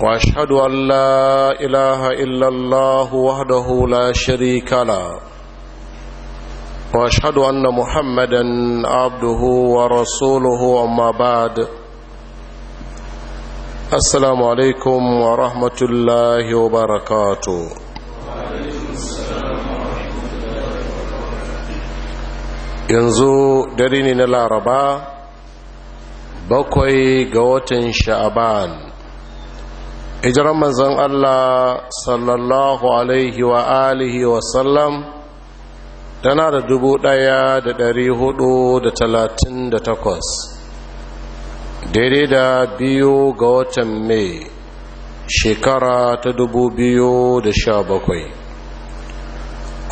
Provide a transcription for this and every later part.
واشهد ان لا اله الا الله وحده لا شريك له واشهد ان محمدا عبده ورسوله اما بعد السلام عليكم ورحمه الله وبركاته yanzu dare ne na laraba bakwai ga watan sha'aban hijiran manzan Allah sallallahu alaihi wa alihi wa sallam tana da dubu ɗaya da dari hudu da talatin da takwas daidai da biyu ga watan mai shekara ta dubu biyu da sha bakwai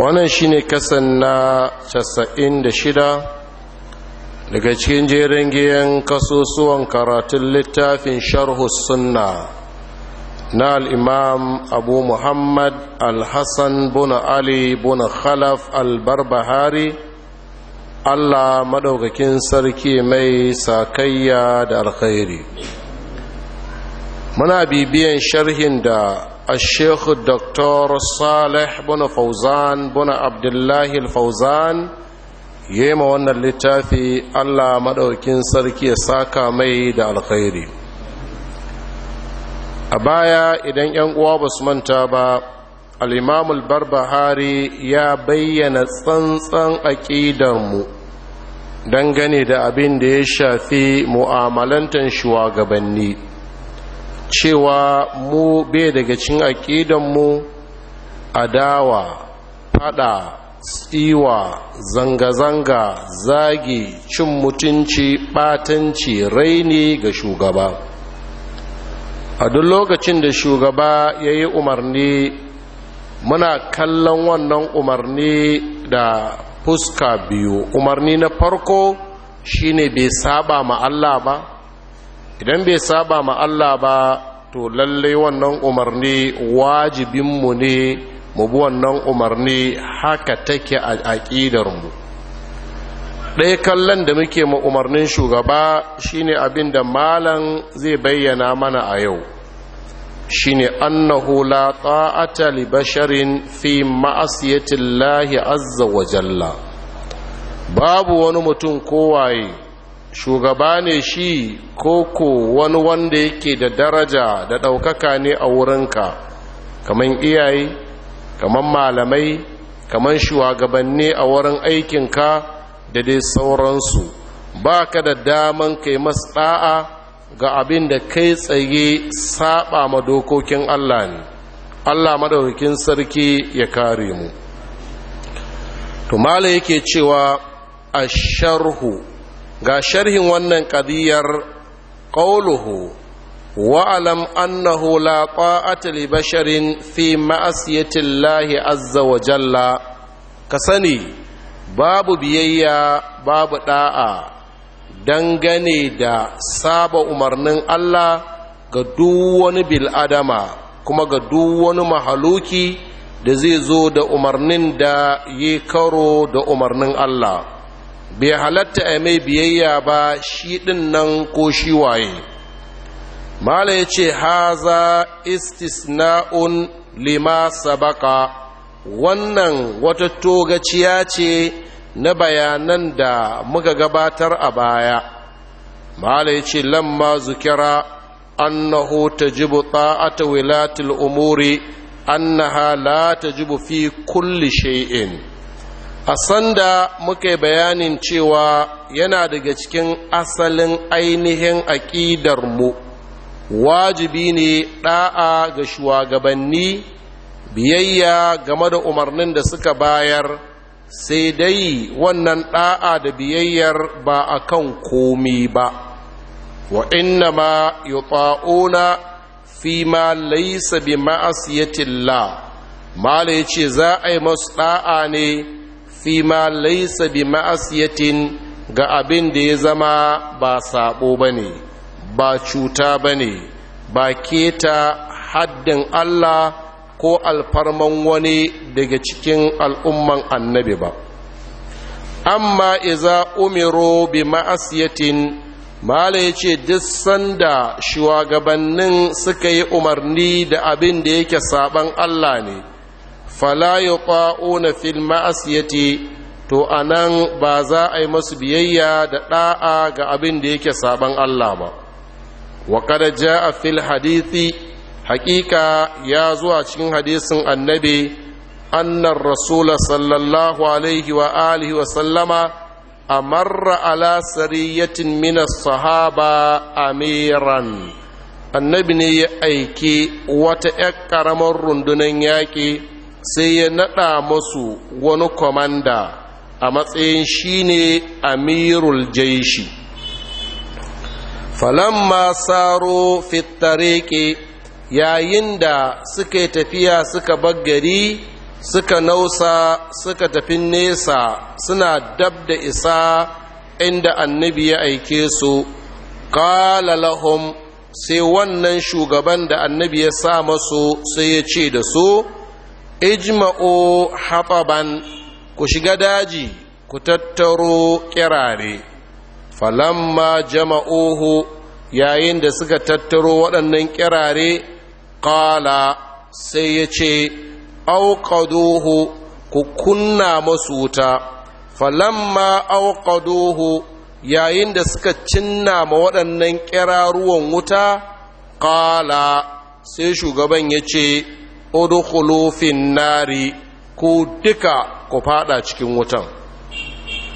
wannan shi ne kasan na casa'in da shida daga cikin jerin giyan kasusuwan karatun littafin sharhu sunna na al'imam abu muhammad al-hassan buna ali buna khalaf al-barbahari allah maɗaukakin sarki mai sakayya da alkhairi muna bibiyan sharhin da الشيخ الدكتور صالح بن fauzan بن عبد الله الفوزان يما wannan littafi Allah maɗaukakin sarki ya saka mai da alkhairi a baya idan 'yan uwa ba su manta ba al'imamul barbahari ya bayyana tsantsan aƙidarmu dangane da abin da ya shafi mu'amalantar shugabanni cewa mu bai daga cin aƙidanmu adawa fada tsiwa zanga-zanga zagi cin mutunci batanci raini ga shugaba a duk lokacin da shugaba ya yi umarni muna kallon wannan umarni da fuska biyu umarni na farko shine bai saba ma Allah ba idan bai saba ma Allah ba to lalle wannan umarni wajibinmu ne mu bi wannan umarni haka take a aƙidarmu ɗaya kallon da muke ma umarnin shugaba shine abin da malam zai bayyana mana a yau shine annahu la ta'ata li basharin fi ma'asiyati llahi azza wa jalla babu wani mutum kowaye shugaba ne shi koko wani wanda yake da daraja da ɗaukaka ne a wurinka kaman iyaye kaman malamai kaman shugabanni a wurin aikinka da dai sauransu ba ka da daman kai masu ɗa'a ga abin da kai tsaye saba ma dokokin Allah ne Allah madaukakin sarki ya kare mu to mala yake cewa asharhu ga sharhin wannan qadiyar qawluhu wa alam annahu la ta'ata li basharin fi ma'asiyati azza wa jalla ka sani babu biyayya babu da'a dangane da saba umarnin Allah ga du wani bil'adama kuma ga duk wani mahaluki da zai zo da umarnin da yi karo da umarnin Allah bai halatta a mai biyayya ba shi ɗin nan ko shi waye mala ya ce haza istisna'un lima sabaka wannan wata togaciya ce na bayanan da muka gabatar a baya mala ya ce lamma zukira annahu tajibu ta'ata wilatil umuri annaha la tajibu fi kulli shay'in a sanda muka bayanin cewa yana daga cikin asalin ainihin aƙidar mu wajibi ne ɗa'a ga shugabanni biyayya game da umarnin da suka bayar sai dai wannan ɗa'a da biyayyar ba a kan komi ba wa inna ma yi ta'una fi ma laisa bi ma'asiyatillah mala la ce za a yi masu ɗa'a ne fi ma laisa bi ma'asiyatin ga abin da ya zama ba saɓo ba ne ba cuta ba ne ba keta haddin Allah ko alfarman wani daga cikin al'umman annabi ba amma iza umiro bi ma'asiyatin mala ya ce duk sanda shugabannin suka yi umarni da abin da yake saban allah ne fala ya na fil ma'asiyati to a nan ba za a yi masu biyayya da ɗa'a ga abin da yake saban allah ba wa ƙada ja a fil hadithi hakika ya zuwa cikin hadisin annabi annar rasula sallallahu alaihi wa alihi wa sallama a marra ala sariyatin minas sahaba amiran annabi ne ya aiki wata 'yar ƙaramar rundunar yaƙi sai ya naɗa masu wani kwamanda a matsayin shi ne amirul jaishi falamma saro fitareke yayin da suka yi tafiya suka baggari suka nausa suka tafi nesa suna dab da isa inda annabi ya aike su kala lahum sai wannan shugaban da annabi ya sa masu sai ya ce da su ijma'o haɓaban ku shiga daji ku tattaro kirare falamma jama'ohu yayin da suka tattaro waɗannan kirare qala sai ya ce auqaduhu ku kunna masu wuta falamma auqaduhu yayin da suka cinna ma waɗannan ƙiraruwan wuta ƙala sai shugaban ya ce udkhulufin nari ku duka ku fada cikin wutan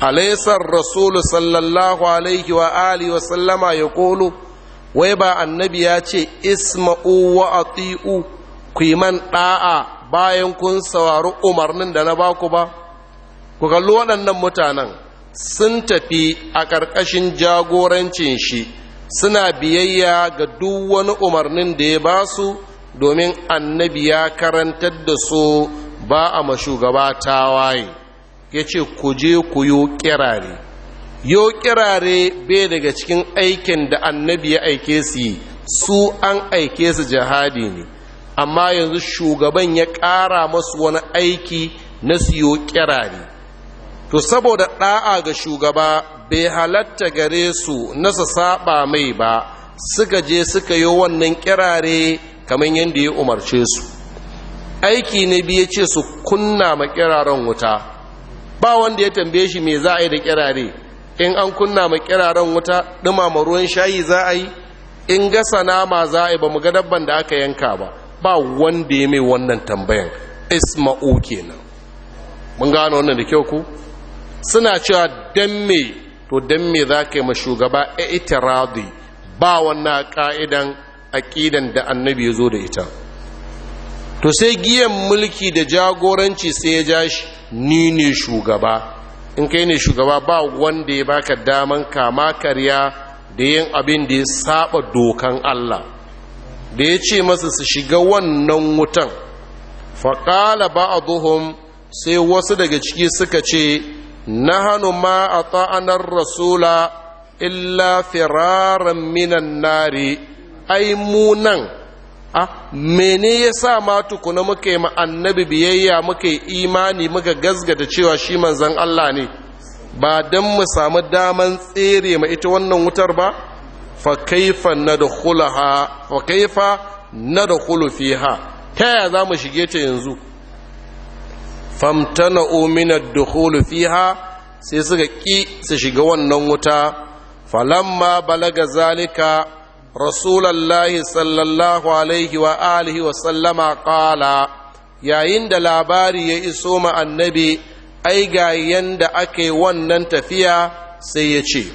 alaisar rasulu sallallahu alaihi wa alihi wa ya kolo wai ba annabi ya ce isma'u wa ati'u ku yi man ɗa'a bayan kun saurari umarnin da na baku ba ku kalli waɗannan mutanen sun tafi a ƙarƙashin jagorancin shi suna biyayya ga duk wani umarnin da ya ba su domin annabi ya karantar da su ba a mashugaba tawaye ya ce ku je ku yi ƙirare yo kirare bai daga cikin aikin da annabi ya aike su yi su an aike su jihadi ne amma yanzu shugaban ya ƙara masu wani aiki na su yo kirare to saboda ɗa'a ga shugaba bai halatta gare su nasa saba mai ba suka je suka yi wannan kirare kamar yadda ya umarce su aiki na biya ce su kunna ma kiraren wuta ba wanda ya tambaye shi me za a yi da kirare in an kunna ma kiraren wuta dumama ruwan shayi za a yi in gasa nama za a yi ba mu ga dabban da aka yanka ba ba wanda ya mai wannan tambayan isma'u kenan mun gano wannan da kyau ku suna cewa dan me to dan me za ka yi ma shugaba a ba wannan ka'idan aƙidan da annabi ya zo da ita to sai giyan mulki da jagoranci sai ya ja ni ne shugaba in kai ne shugaba ba wanda ya baka daman kama karya da yin abin da ya saba dokan Allah da ya ce masa su shiga wannan wutan faƙala ba a duhun sai wasu daga ciki suka ce na hannu ma a ta'anar rasula illa firaran minan nari ai munan a mene ya sa ma tukuna muka yi annabi biyayya muka yi imani muka gazgata cewa shi manzan Allah ne ba don mu samu daman tsere ma ita wannan wutar ba fa kaifa na da fiha ta yaya za mu shige ta yanzu famtana ominar da fiha sai suka ƙi su shiga wannan wuta falamma balaga zalika rasulallahi sallallahu alaihi wa wa sallama ƙala yayin da labari ya iso ma annabi ai ga yanda ake wannan tafiya sai ya ce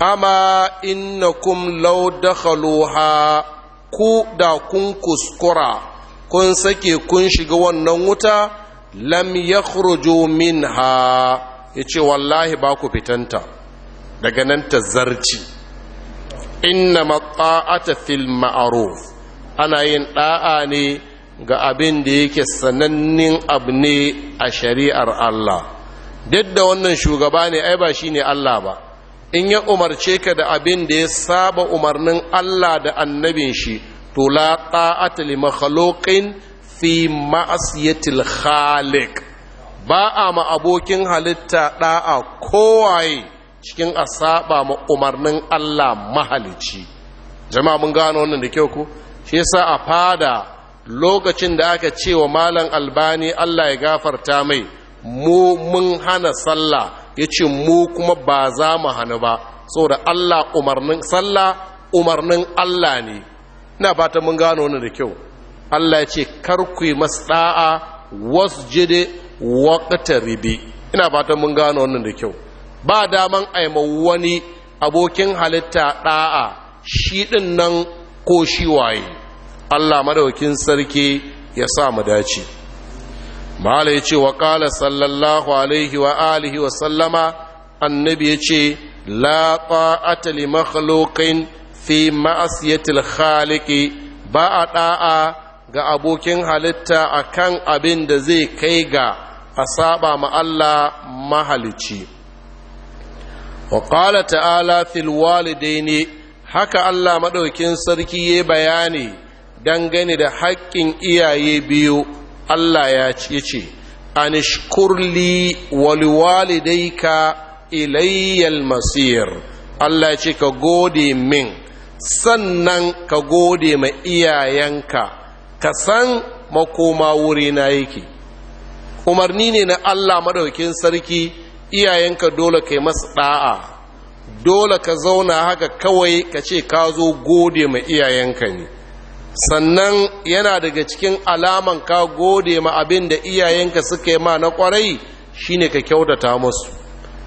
amma innakum law dakhaluha ku da kun kuskura kun sake kun shiga wannan wuta lam yakhruju minha yace wallahi ba ku fitanta daga nan ta inna mata'ata fil ma'ruf ana yin da'a ne ga abin da yake sanannin abu ne a shari'ar Allah duk da wannan shugaba ne ai ba shine Allah ba in ya umarce ka da abin da ya saba umarnin Allah da annabin shi to la ta'ata li makhluqin fi ma'siyatil khaliq ba a ma abokin halitta da'a kowaye cikin a saba ma umarnin Allah mahalici jama'a mun gano wannan da kyau ku shi yasa a fada lokacin da aka ce wa malam albani Allah ya gafarta mai mu mun hana sallah yace mu kuma ba za mu hana ba saboda Allah umarnin sallah umarnin Allah ne ina fata mun gano wannan da kyau Allah ya ce kar ku yi masda'a wasjidi waqtaribi ina fata mun gano wannan da kyau ba daman aima wani abokin halitta ɗa'a shi ɗin nan ko shi waye allah madaukin sarki ya sa mu dace mahala ya ce wa ƙala sallallahu alaihi wa alihi wa sallama annabi ya ce la ta'ata li makhluqin fi ma'asiyatil khaliqi ba a ɗa'a ga abokin halitta akan abin da zai kai ga a saba ma Allah mahalici wa qala ta'ala fil walidaini haka Allah madaukin sarki ya bayani dangane da haƙƙin iyaye biyu Allah ya ce anishkurli waliwalidaika ilayyal masir Allah ya ce ka gode min sannan ka gode ma iyayenka ka san makoma wurina yake umarni ne na Allah madaukin sarki iyayenka dole ka yi masu ɗa'a dole ka zauna haka kawai ka ce ka zo gode ma iyayenka ne sannan yana daga cikin alaman ka gode ma abin da iyayenka suka yi ma na kwarai shine ka kyautata musu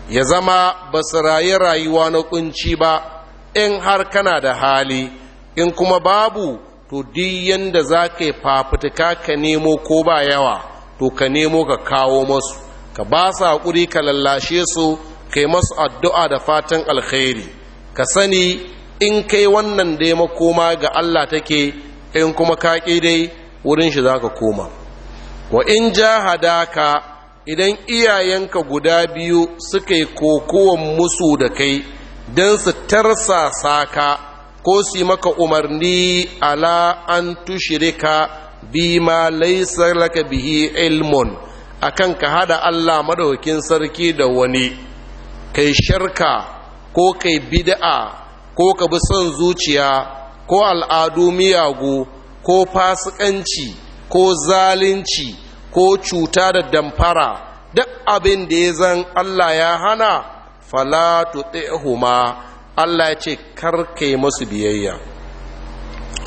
ya zama ba su rayu rayuwa na kunci ba in har kana da hali in kuma babu to yanda za ka yi fafutuka ka nemo ko ba yawa to ka nemo ka kawo musu. ka ba su haƙuri ka lallashe su kai masu addu'a da fatan alkhairi ka sani in kai wannan dai makoma ga Allah take in kuma ka dai wurin shi za ka koma wa in hadaka idan iyayenka guda biyu suka yi kokowar musu da kai don su tarsasa ka ko su maka umarni ala an tushirika bima laisa laka bihi ilmun akan ka hada Allah madaukin sarki da wani kai shirka ko kai bid'a ko ka bi son zuciya ko al'adu miyagu ko fasikanci ko zalunci ko cuta da damfara duk abin da ya zan Allah ya hana fala tuti'huma Allah ya ce karkai musu biyayya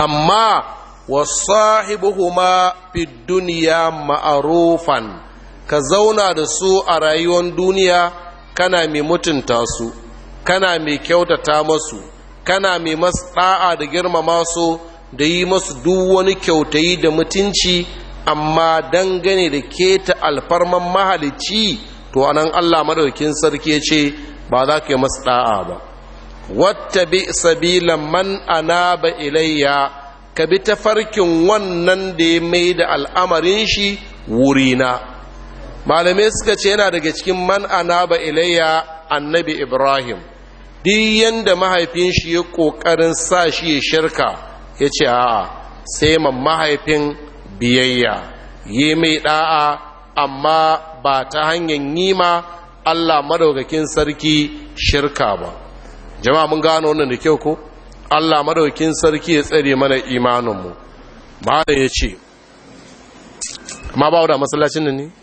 amma wasahibuhuma fid duniya ma'arufan ka zauna da su a rayuwar duniya kana mai mutunta su kana mai kyautata masu kana mai masu da girmama su da yi masu duk wani kyautayi da mutunci amma dangane da keta alfarman mahalicci to a nan allah madaukin sarki ce ba za ka yi masu ɗa'a ba wata bi sabilan man ana ba ilayya ka bi tafarkin wannan da ya mai da al'amarin shi wurina malamai suka ce yana daga cikin man anaba ilayya annabi ibrahim duk yanda mahaifin shi ya kokarin sa shi ya shirka ya ce a'a sai man mahaifin biyayya yi mai da'a amma ba ta hanyar nima allah madaukakin sarki shirka ba jama'a mun gano wannan da kyau ko allah madaukakin sarki ya tsare mana imaninmu malam ya ce ma ba da masallacin ne